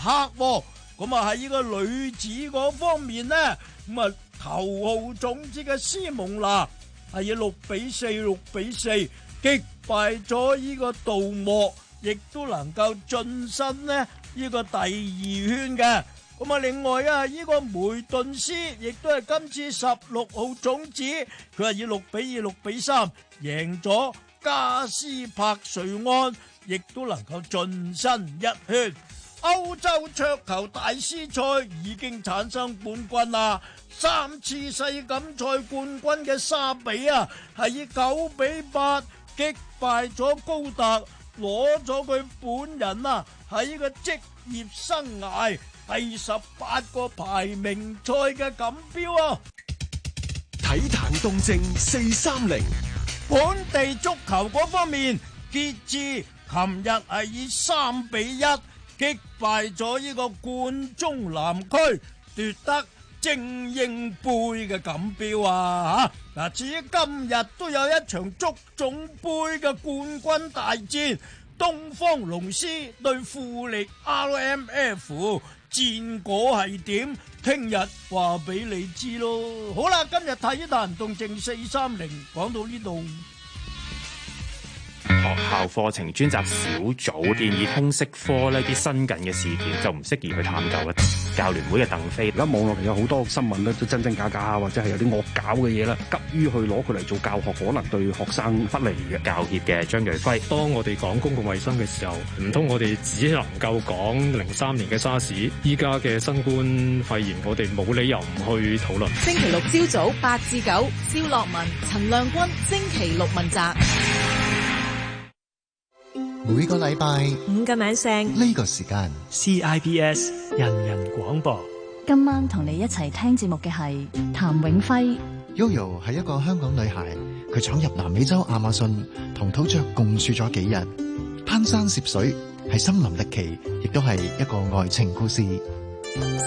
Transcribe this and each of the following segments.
黑咁啊，喺呢個女子嗰方面呢，咁啊頭號種子嘅斯蒙娜係以六比四、六比四擊敗咗呢個道莫，亦都能夠晉身呢呢個第二圈嘅。咁啊，另外啊，呢個梅頓斯亦都係今次十六號種子，佢係以六比二、六比三贏咗加斯帕瑞安，亦都能夠晉身一圈。歐洲桌球大師賽已經產生冠軍啦！三次世錦賽冠軍嘅沙比啊，係以九比八擊敗咗高達，攞咗佢本人啊，喺呢個職業生涯第十八個排名賽嘅錦標啊！體壇動靜四三零，本地足球方面，傑志琴日係以三比一，擊敗咗呢個冠中南區奪得精英杯嘅錦標啊！吓，嗱，至於今日都有一場足總杯嘅冠軍大戰，東方龍獅對富力 R M F，戰果係點？聽日話俾你知咯。好啦，今日體壇動靜四三零，講到呢度。學校課程專責小組建議通識科呢啲新近嘅事件就唔適宜去探究。教聯會嘅鄧飛而家網絡有好多新聞咧都真真假假啊，或者係有啲惡搞嘅嘢啦，急於去攞佢嚟做教學，可能對學生不利嘅。教協嘅張瑞輝，當我哋講公共衛生嘅時候，唔通我哋只能夠講零三年嘅沙士？依家嘅新冠肺炎，我哋冇理由唔去討論。星期六朝早八至九，肖樂文、陳亮君，星期六問責。每個禮拜五個晚上，呢個時間 CIBS 人人廣播。今晚同你一齊聽節目嘅係譚永輝。Yoyo 係一個香港女孩，佢闖入南美洲亞馬遜同土著共處咗幾日，攀山涉水係森林歷奇，亦都係一個愛情故事。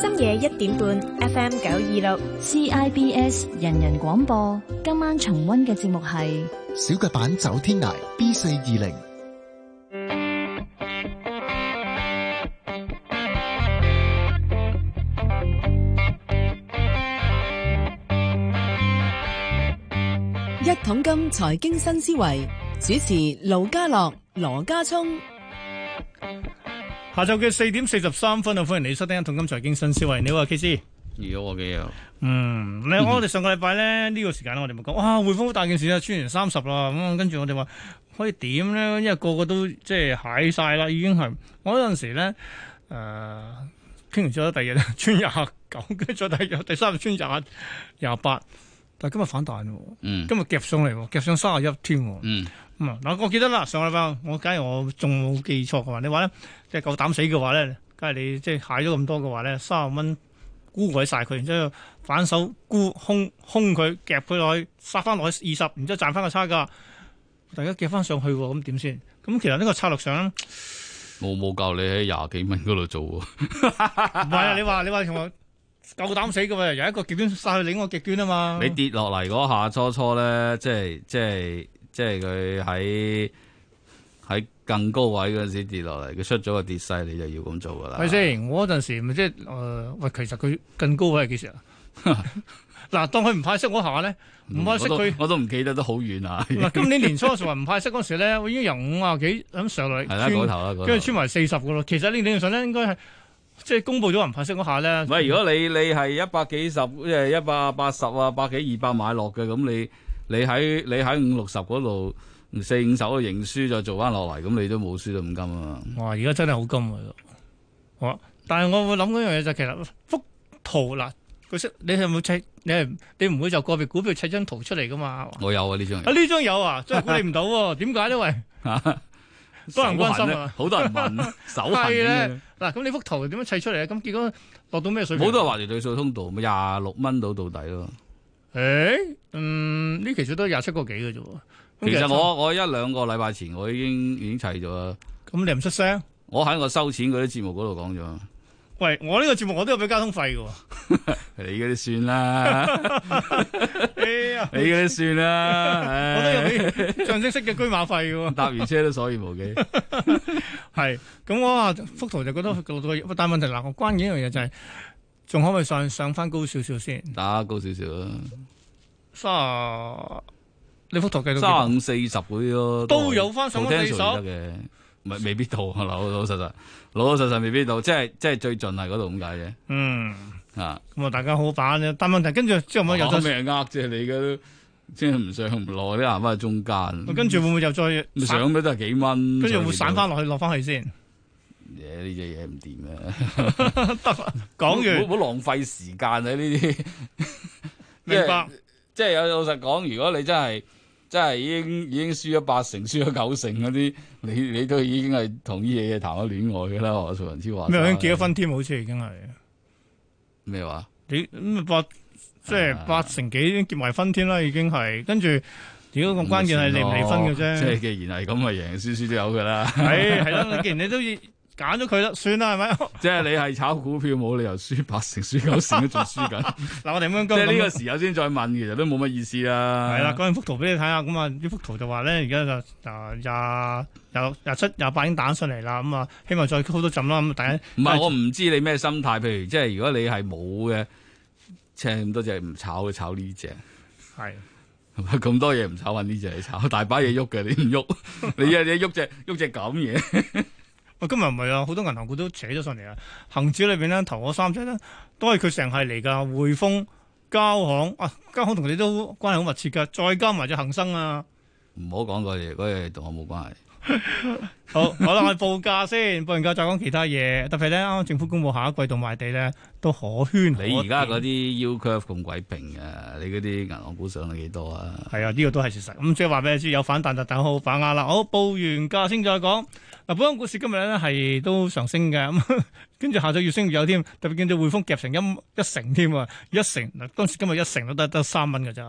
深夜一點半，FM 九二六 CIBS 人人廣播。今晚重温嘅節目係小腳板走天涯 B 四二零。桶金財經新思維主持盧家樂、羅家聰，下晝嘅四點四十三分啊！我歡迎你收聽桶金財經新思維。你好 KC，預咗我嘅嘢嗯，你、嗯、我哋上個禮拜咧呢、這個時間我哋咪講哇匯豐好大件事啊，穿完三十啦，咁跟住我哋話可以點咧？因為個個都即係蟹晒啦，已經係我有陣時咧誒，傾、呃、完咗第二日穿廿九，跟住再第二日，第三日穿廿廿八。但係今日反彈咯，嗯、今日夾上嚟，夾上三十一添。咁嗱、嗯，我記得啦，上個禮拜我假如我仲冇記錯嘅話，你話咧即係夠膽死嘅話咧，梗係你即係蟹咗咁多嘅話咧，三十蚊沽鬼晒佢，然之後反手沽空空佢夾佢落去，殺翻落去二十，然之後賺翻個差價，大家夾翻上去咁點先？咁其實呢個策略上，我冇教你喺廿幾蚊嗰度做啊。唔係啊，你話你話同我。 夠膽死噶嘛？由一個極端，晒去另一個極端啊嘛！你跌落嚟嗰下，來下初初咧，即係即係即係佢喺喺更高位嗰陣時候跌落嚟，佢出咗個跌勢，你就要咁做噶啦。咪先，我嗰陣時咪即係誒，喂，其實佢更高位係幾時啊？嗱， 當佢唔派息嗰下咧，唔派息佢、嗯，我都唔記得都好遠啊。嗱， 今年年初嘅時話唔派息嗰時咧，我已經由五啊幾咁、那個、上嚟，係啦，頭啦，跟住穿埋四十個咯。其實呢點上咧，應該係。即係公布咗，分析嗰下咧。唔係，如果你你係一百幾十，即係一百八十啊，百幾二百買落嘅，咁你你喺你喺五六十嗰度，四五手度認輸，再做翻落嚟，咁你都冇輸到五金啊，金啊、就是、嘛。哇！而家真係好金啊！我，但係我會諗嗰樣嘢就其實幅圖嗱，佢識你係咪砌，你係你唔會就個別股票砌張圖出嚟噶嘛？我有啊，呢張。啊呢張有啊， 真係估理唔到喎、啊，點解呢？喂。 多人關心啊，好多，、啊、 多人問，手痕咧。嗱、 啊，咁你幅圖點樣砌出嚟啊？咁結果落到咩水平？好多人話條對數通道，咪廿六蚊到到底咯、啊。誒、欸，嗯，呢其實都廿七個幾嘅啫。其實我我一兩個禮拜前我已經已經砌咗啦。咁、嗯、你唔出聲？我喺我收錢嗰啲節目嗰度講咗。喂，我呢個節目我都有俾交通費喎。 你嗰啲些算啦 ，你嗰啲些算啦， 我都用象徵式嘅車馬費噶喎，搭完車都所剩無幾。 係咁，我話幅圖就覺得落到，但問題嗱，關鍵一樣嘢就係、是，仲可唔可以上上翻高少少先？打高少少30，你少少啊，卅呢幅圖計到三五四十倍咯，都，都有翻三四十得嘅，未未必到。老老實實，老老實實未必到，即係即係最盡係嗰度咁解嘅。嗯。啊！咁啊，大家好把啫，但問題跟住之後有有有，可唔可以有再？攪命呃啫，你嘅即係唔上唔落，你行翻去中間。跟住會唔會又再？上都都係幾蚊？跟住會散翻落去，落翻去先。嘢呢隻嘢唔掂啊！得啦，講完。唔好浪費時間啊！呢啲明白？即係有老實講，如果你真係真係已經已經輸咗八成、輸咗九成嗰啲，你你都已經係同呢嘢嘢談咗戀愛嘅啦！我徐文超話。你係幾多分添？好似已經係。咩話？你咁八即係八成幾結埋婚添啦，已經係。跟住點解咁關鍵係離唔離婚嘅啫？即係既然係咁，咪贏輸輸都有㗎喇。係係啦，既然你都要。揀咗佢啦，算啦，係咪？即係你係炒股票冇理由輸 八成，輸九成都仲輸緊。嗱，我哋咁樣講，即係呢個時候先再問，其實都冇乜意思 啦。係啦，講完幅圖俾你睇下，咁啊呢幅圖就話咧，而家就廿廿廿七、廿，呃、八已經彈上嚟啦，咁、嗯、啊希望再 hold 多陣啦。咁、嗯、但係唔係我唔知你咩心態，譬如即係如果你係冇嘅，借咁多隻唔炒，炒呢隻係咁多嘢唔炒，搵呢隻嚟炒，大把嘢喐嘅，你唔喐， 你一你喐隻喐隻咁嘢。 今日唔係啊，好多銀行股都扯咗上嚟啊！恒指裏邊咧，投咗三隻咧，都係佢成係嚟噶。匯豐、交行啊，交行同你都關係好密切噶。再加埋隻恒生啊，唔 好講嗰嘢，嗰嘢同我冇關係。好， 我哋去報價先，報完價再講其他嘢。特別咧，啱啱政府公布下一季度賣地咧，都可圈可點。你而家嗰啲 U curve 咁鬼平啊！你嗰啲銀行股上到幾多啊？係啊，呢、這個都係事實。咁即係話俾你知，有反彈就等好反壓啦。好，報完價先再講。嗱，本港股市今日咧係都上升嘅，咁跟住下晝越升越有添，特別見到匯豐夾成一一成添啊，一成嗱，當時今日一成都得得三蚊嘅咋，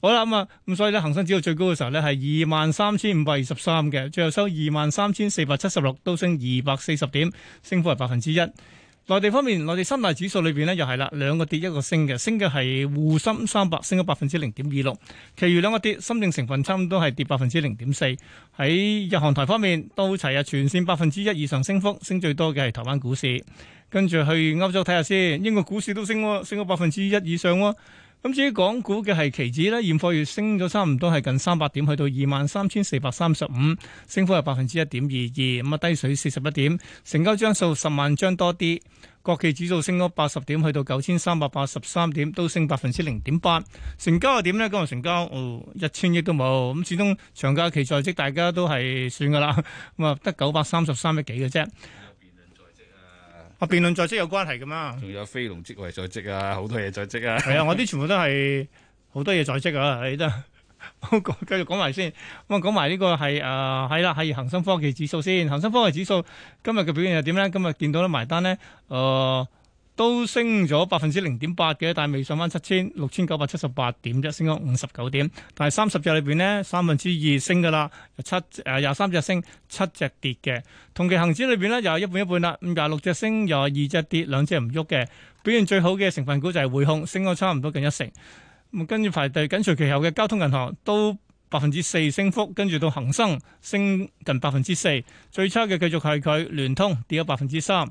好啦咁啊，咁、嗯、所以咧，恒生指數最高嘅時候咧係二萬三千五百二十三嘅，最後收二萬三千四百七十六，都升二百四十點，升幅係百分之一。內地方面，內地三大指數裏邊又係啦，兩個跌一個升嘅，升嘅係滬深三百升咗百分之零點二六，其餘兩個跌，深證成分差唔多係跌百分之零點四。喺日韓台方面都齊日、啊、全線百分之一以上升幅，升最多嘅係台灣股市，跟住去歐洲睇下先，英國股市都升喎、哦，升咗百分之一以上喎、哦。咁至於港股嘅係期指咧，現貨月升咗差唔多係近三百點，去到二萬三千四百三十五，升幅係百分之一點二二。咁啊低水四十一點，成交張數十萬張多啲。國企指數升咗八十點，去到九千三百八十三點，都升百分之零點八。成交又點呢？今日成交哦一千億都冇。咁始終長假期在即，大家都係算噶啦。咁啊得九百三十三億幾嘅啫。啊！辯論在職有關係㗎嘛。仲有飛龍職位在職啊，好多嘢在職啊。係 啊，我啲全部都係好多嘢在職啊，你都。好， 繼續講埋先。咁啊，講埋呢個係誒係啦，係恒生科技指數先。恒生科技指數今日嘅表現係點咧？今日見到咧埋單咧，誒、呃。都升咗百分之零點八嘅，但係未上翻七千六千九百七十八點一，升咗五十九點。但係三十隻裏邊呢，三分之二升噶啦，七誒廿三隻升，七隻跌嘅。同期恒指裏邊呢，又係一半一半啦，廿六隻升，又係二隻跌，兩隻唔喐嘅。表現最好嘅成分股就係匯控，升咗差唔多近一成。跟住排第緊隨其後嘅交通銀行都百分之四升幅，跟住到恒生升近百分之四。最差嘅繼續係佢聯通，跌咗百分之三。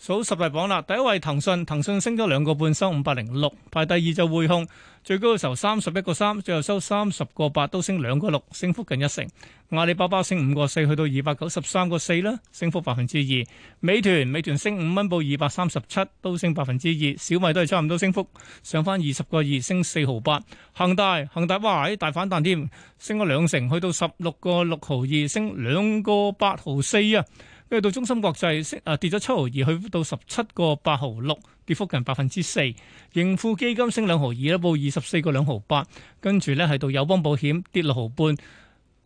數十例榜啦，第一位騰訊，騰訊升咗兩個半，收五百零六。排第二就匯控，最高嘅時候三十一個三，最後收三十個八，都升兩個六，升幅近一成。阿里巴巴升五個四，去到二百九十三個四啦，升幅百分之二。美團美團升五蚊，報二百三十七，都升百分之二。小米都係差唔多升幅，上返二十個二，升四毫八。恒大恒大哇，喺大反彈添，升咗兩成，去到十六個六毫二，升兩個八毫四啊。跟住到中心國際升，啊跌咗七毫二，去到十七個八毫六，跌幅近百分之四。盈富基金升兩毫二啦，報二十四個兩毫八。跟住咧係到友邦保險跌六毫半，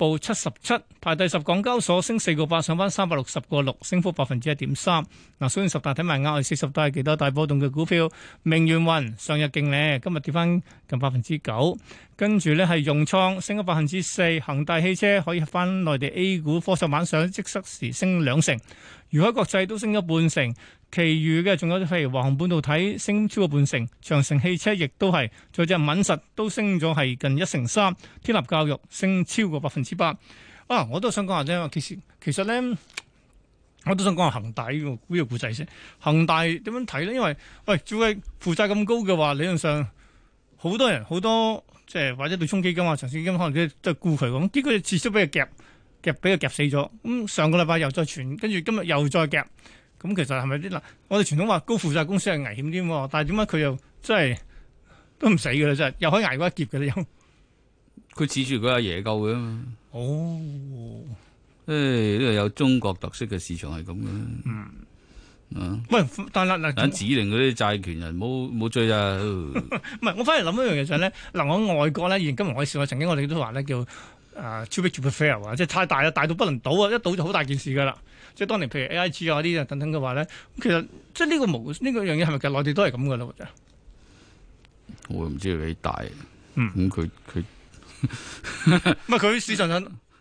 報七十七，排第十。港交所升四個八，上翻三百六十個六，升幅百分之一點三。嗱，雖然十大睇埋，廿四十大幾多大波動嘅股票？明源雲上日勁咧，今日跌翻近百分之九。跟住咧係融創升咗百分之四，恒大汽車可以翻內地 A 股，科創板上市即時升兩成。如果國際都升咗半成，其餘嘅仲有，譬如華虹半導體升超過半成，長城汽車亦都係，再者敏實都升咗係近一成三，天立教育升超過百分之八。啊，我都想講下啫，其實其實咧，我都想講下恒大呢、這個故仔先。恒大點樣睇咧？因為喂，做嘅負債咁高嘅話，理論上好多人好多即係或者對沖基金啊、長線基金可能都都係沽佢咁，結果次次俾佢夾。夾俾佢夾死咗，咁上個禮拜又再傳，跟住今日又再夾，咁其實係咪啲嗱？我哋傳統話高負債公司係危險啲，但係點解佢又真係都唔死噶啦？真係又可以挨過一劫嘅啦又。佢指住佢阿爺救嘅？啊嘛。哦，誒，呢個有中國特色嘅市場係咁嘅。嗯啊，喂，但係嗱，等指令嗰啲債權人冇冇追啊？唔係、 呃， 我翻嚟諗一樣嘢就係咧，嗱， 我喺外國咧，以前金融海嘯啊，曾經我哋都話咧叫。啊、uh，too big to fail 即係太大啊，大到不能倒啊，一倒就好大件事噶啦。即係當年譬如 AIG 啊啲等等嘅話咧，其實即係呢個模，呢、這個樣嘢係咪其實內地都係咁噶啦，就我唔知佢幾大，咁佢佢唔係佢史上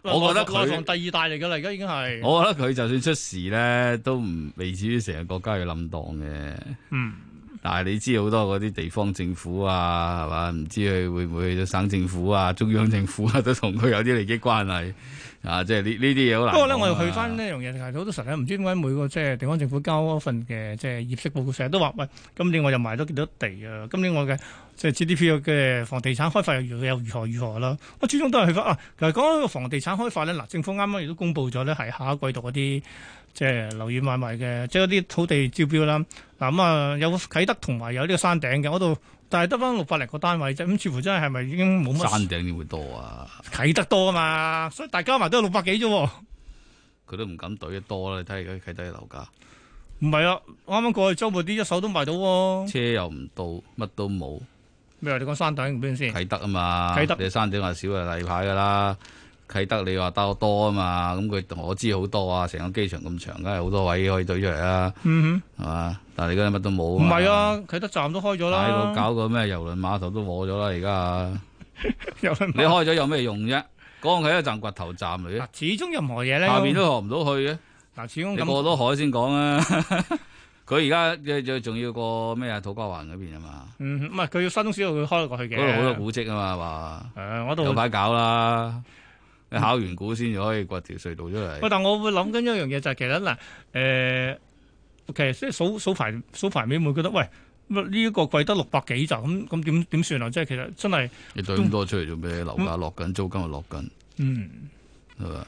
我 我覺得佢第二大嚟噶啦，而家已經係我覺得佢就算出事咧，都唔未至於成個國家要冧檔嘅，嗯。但係嗱，你知好多嗰啲地方政府啊，係嘛？唔知佢會唔會去到省政府啊、中央政府啊，都同佢有啲利益關係啊！即係呢呢啲嘢好難不過、啊、呢，我又去翻呢樣嘢，係好 多時候唔知點解每個即係、就是、地方政府交嗰份嘅即係業績報告，成日都話喂，今年我又賣咗幾多地啊，今年我嘅即係、就是、GDP 嘅房地產開發又，又如何如何啦？我始終都係去翻啊！其實講起房地產開發呢，嗱，政府啱啱亦都公布咗呢，係下一季度嗰啲。即係留意買賣嘅，即係嗰啲土地招標啦。嗱咁啊，嗯、有啟德同埋有呢個山頂嘅嗰度，但係得翻六百零個單位啫。咁、嗯、似乎真係係咪已經冇乜？山頂點會多啊？啟德多啊嘛，所以大家埋都係六百幾啫。佢都唔敢懟得多啦。你睇下啲啟德樓價。唔係啊，啱啱、啊、過去周末啲一手都賣到，、啊、到。車又唔到，乜都冇。咩啊？你講山頂邊先？啟德啊嘛，啟德你山頂話少又例牌噶啦。啟德你話包多啊嘛，咁佢我知好多啊，成個機場咁長，梗係好多位置可以懟出嚟啦。係、嗯、哼嘛，但係你而家乜都冇。唔係啊，啟德站都開咗啦。搞個咩郵輪碼頭都冇咗啦，而家、啊、 碼你開咗有咩用啫？講，佢一站掘頭站嚟，始終任何嘢咧下面都學唔到去嘅。嗱、啊，始終你過到海先講啊。佢而家最重要過咩啊？土瓜灣嗰邊啊嘛。唔係佢要沙中線路佢開到過去嘅。嗰度好多古蹟啊嘛，係嘛。誒、嗯，嗰度好快搞啦。你考完股先至可以掘條隧道出嚟。喂、嗯，但我會諗緊一樣嘢就係、是、其實嗱，誒、呃，其實即係數數排數排尾會覺得，喂，這個、貴，呢個貴得六百幾就咁，咁點點算啊？即係其實真係你掟咁多出嚟做咩？樓價落緊，租金又落緊。嗯，係吧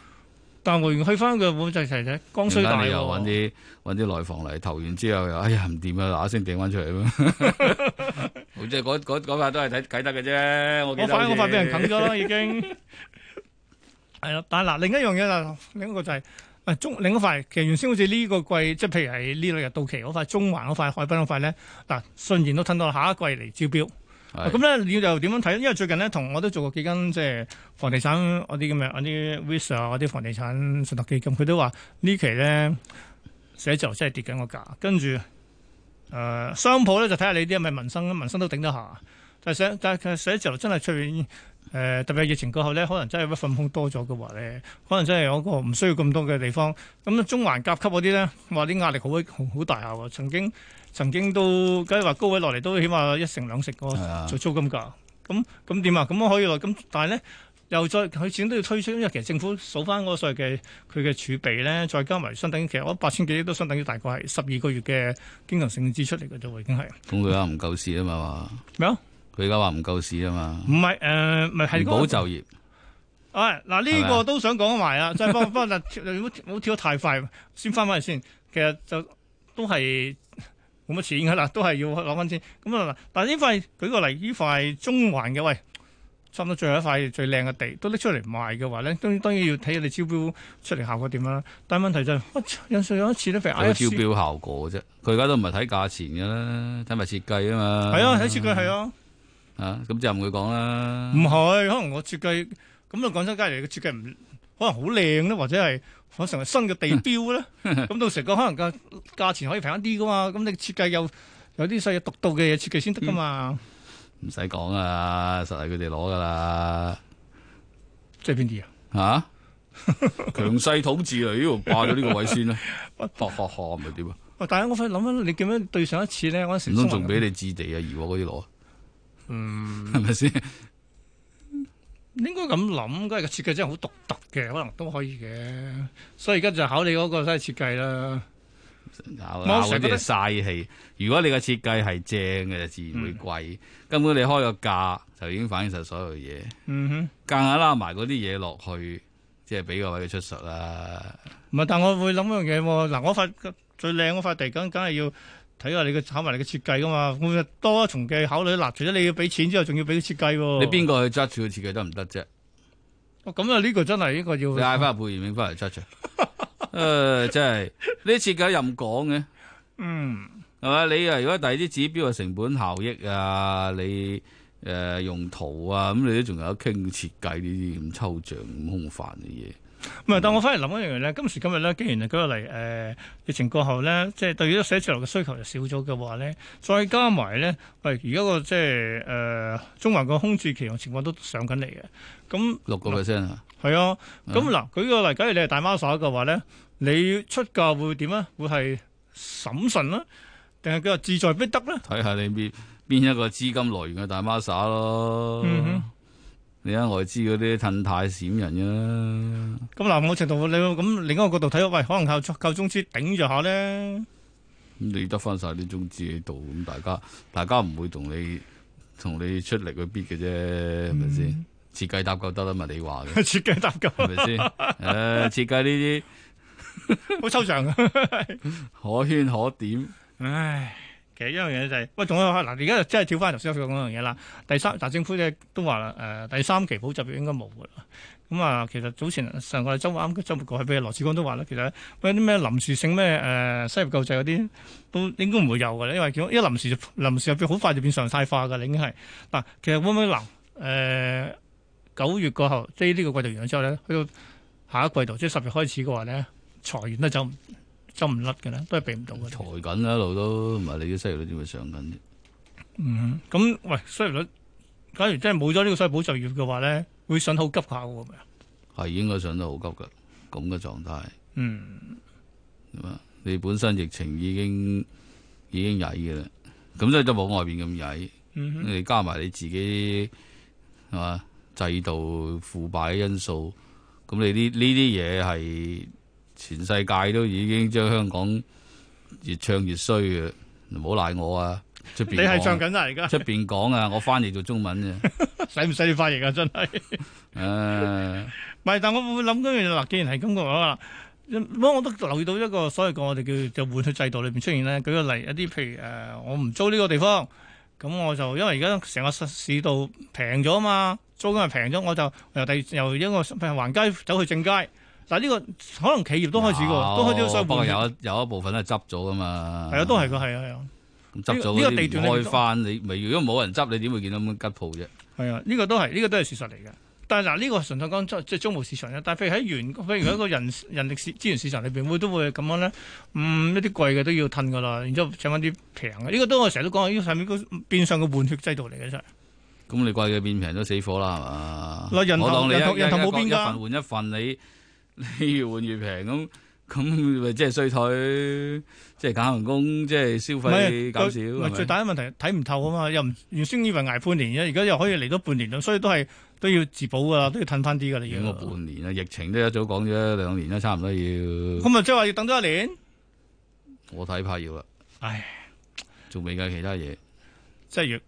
但我去翻佢，我再睇睇，剛需大喎。又揾啲揾啲內房嚟投完之後又，哎呀唔掂啊，嗱下先掟翻出嚟咯。即係嗰嗰都係睇得嘅啫。我反我快俾人冚咗啦，已經。 係啦，但係嗱，另一樣嘢，就另一個就係、是，誒、啊、中另一塊，其實原先好似呢個季，即係譬如係呢兩日到期嗰塊中環嗰塊海濱嗰塊咧，嗱、啊，信燕都褪到，下一季嚟招標，咁咧是、啊、你就點樣睇？因為最近咧，同我都做過幾間即係房地產嗰啲咁嘅，嗰啲 VISA 啊，嗰啲房地產信託基金，佢都話呢期咧寫字樓真係跌緊個價，跟住誒商鋪咧就睇下你啲係咪民生，民生都頂得下，但係寫但係其實寫字樓真係出。誒、呃、特別係疫情過後咧，可能真係一份空多咗嘅話咧，可能真係有個唔需要咁多嘅地方。咁中環甲級嗰啲咧，話啲壓力好好大啊！曾經曾經都，梗係話高位落嚟都，起碼一成兩成個是、啊、租金價。咁咁點啊？咁可以話咁，但係咧又再佢錢都要推出，因為其實政府數翻嗰個所謂嘅佢嘅儲備咧，再加埋相等，其實我八千幾億都相等於大概係十二個月嘅經常性支出嚟嘅啫已經係。咁佢話唔夠事啊嘛？咩啊、嗯？佢而家話唔夠市啊嘛，唔係誒，唔係係個保就業。那個、啊，嗱、這、呢個都想講埋啊，即係幫不但係唔好跳得太快，先翻翻嚟先。其實就都係冇乜錢噶啦，都係要攞翻錢。咁啊嗱，但係呢塊舉個例，呢塊中環嘅喂，差唔多最後一塊最靚嘅地，都拎出嚟賣嘅話咧，都當然要睇你招標出嚟效果點啦。但係問題就係，我印象有一次都係睇招標效果啫，佢而家都唔係睇價錢噶啦，睇埋設計啊嘛。係啊，睇設計係啊。啊，咁就唔會講啦。唔係，可能我設計咁啊，廣州街嚟嘅設計唔可能好靚咧，或者係可能成為新嘅地標咧。咁 到時個可能個價錢可以平一啲噶嘛。咁你設計有有啲細嘢獨到嘅嘢設計先得噶嘛。唔使講啊，實係佢哋攞噶啦。即係邊啲啊？吓，強勢統治啊！呢度霸咗呢個位先啦。霍霍霍，咪點啊？喂，大家我快諗你點樣對上一次咧？我成。唔通仲俾你置地啊？而我嗰啲攞？嗯，係咪先？ 你應該咁諗，咁個設計真係好獨特嘅，可能都可以嘅。所以而家就考你嗰個新設計啦。我成日覺得嘥氣，如果你個設計係正嘅，自然會貴。嗯、根本你開個價就已經反映晒所有嘢。嗯哼，夾硬,硬拉埋嗰啲嘢落去，即係俾個位佢出術啊！唔係，但我會諗樣嘢喎。嗱，我塊最靚嗰塊地，咁梗係要。睇下你嘅炒埋你嘅設計噶嘛，咁就多一重嘅考慮。立除咗你要俾錢之後，仲要俾設計。你邊個去揸住個設計得唔得啫？行行哦，咁啊，呢個真係應該要。你嗌翻阿貝爾明翻嚟揸住。誒、 呃，真係呢設計任講嘅。嗯，係嘛？你啊，如果第二啲指標嘅成本效益啊，你誒、呃、用途啊，咁你都仲有傾設計呢啲咁抽象、咁空泛嘅嘢。唔係、嗯，但我翻嚟諗一樣嘢，今時今日咧，既然舉個例誒、呃、疫情過後咧，即係對於寫字樓嘅需求就少咗嘅話咧，再加埋咧，喂而家個即係誒中環個空置期嘅情況都上緊嚟嘅，咁六個 percent 啊，係啊，咁嗱，舉個例，假如你係大媽撒嘅話咧，你出價會點啊？會係審慎啦，定係叫做志在必得咧？睇下你邊邊一個資金來源嘅大媽撒咯。嗯你睇外資嗰啲趁太閃人嘅，啊、啦，咁嗱某程度你咁另一個角度睇，喂，可能靠靠中資頂著下咧，咁你得翻晒啲中資喺度，咁大家大家唔會同你同你出力去逼嘅啫，係咪先？設計搭救得啦嘛，你話嘅設計搭救係咪先？誒、 啊，設計呢啲好抽象的， 可圈可點，唉。其實一樣嘢就係、是，喂，仲有嗱，而家真係跳翻頭先所講樣嘢啦。第三，大政府都話啦，第三期保就業應該冇嘅啦。咁、嗯、啊，其實早前上個週啱啱周末講起，譬如羅致光都話咧，其實喂啲咩臨時性咩誒收入救濟嗰啲，都應該唔會有嘅，因為見一臨時,臨時就入邊好快就變常態化嘅啦，已經係嗱、啊，其實會唔會嗱九月過後，即係呢個季度完咗之後咧，去到下一季度，即係十月開始嘅話咧，財源都走唔？就唔甩嘅啦，都係避唔到嘅。抬緊啦，一路都唔係你啲失業率點會上緊啫？嗯，咁喂，失業率假如真係冇咗呢個衰保就業嘅話咧，會上好急下嘅咩？係應該上得好急㗎，咁嘅狀態。嗯，你本身疫情已經已經曳嘅啦，咁所以都冇外邊咁曳。嗯、哼你加埋你自己係嘛制度腐敗嘅因素，咁你呢呢啲嘢係。全世界都已經將香港越唱越衰嘅，唔好賴我啊！出邊你係唱緊啊，而家出邊講啊，我翻譯做中文啫，使唔使你翻譯啊？真係，誒，唔係，但係我會諗嗰樣嘢啦。既然係咁嘅話，唔好，我都留意到一個，所謂我哋叫就換去制度裏邊出現咧。舉個例，一啲譬如誒，我唔租呢個地方，咁我就因為而家成個市道平咗啊嘛，租金又平咗，我就由第由一個橫街走去正街。嗱呢個可能企業都開始喎，有都開始相換有有一部分都係執咗啊嘛。係啊，都係㗎，係啊，執咗呢個地段開翻不，你如果冇人執，你點會見到咁樣吉鋪啫？係啊，呢個都係，呢個都係事實嚟嘅。但係嗱，呢個純粹講即係租務市場啫。但係譬如喺員，譬如喺個人、嗯、人力資源市場裏面會都會咁樣咧。嗯，一啲貴嘅都要褪㗎啦，然之後請翻啲平嘅。呢個都我成日都講啊，呢上面變相嘅換血制度嚟嘅啫。咁你貴嘅變平都死火啦，係嘛？我當你人頭冇邊㗎，換一份你。你 越換越平，咁咁咪即係衰退，即係減人工，即係消費減少。唔係最大嘅問題睇唔透啊嘛，又唔原先以為挨半年而，而家又可以嚟多半年啦，所以都係都要自保噶啦，都要褪翻啲噶啦。等個半年啊，疫情都一早講咗兩年啦，差唔多要。咁啊，即係話要等多一年。我睇怕要啦。唉，仲未計其他嘢，即係要。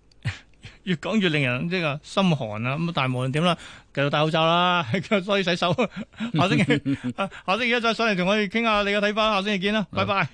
越講越令人即係心寒啊！咁但係無論點啦，繼續戴口罩啦，所以洗手。下星期， 下星期一再上嚟同我哋傾下你嘅睇法。下星期見啦，拜拜。啊